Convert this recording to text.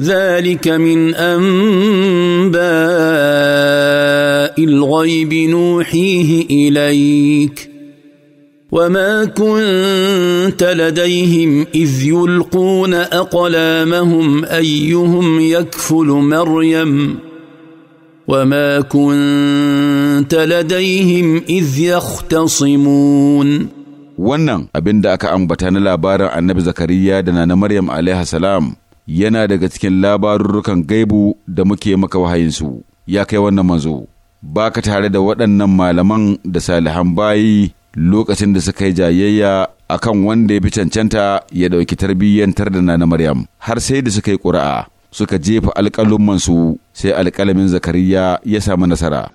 ذلك من انباء الغيب نوحيه اليك وما كنت لديهم اذ يلقون اقلامهم ايهم يكفل مريم وما كنت لديهم اذ يختصمون wannan abin da aka ambata na labarin annabi zakariya da na maryam alaihi salam yana daga cikin labarurrukan gaibu da muke maka wahayinsu, ya kai wannan manzo, ba ka tare da waɗannan malaman da salihan bayi lokacin da suka yi jayayya a kan wanda ya fi cancanta ya ɗauki tarbiyyantar da na Maryam, har sai da suka yi ƙura'a, suka jefa alƙalummansu sai alƙalamin Zakariya ya samu nasara.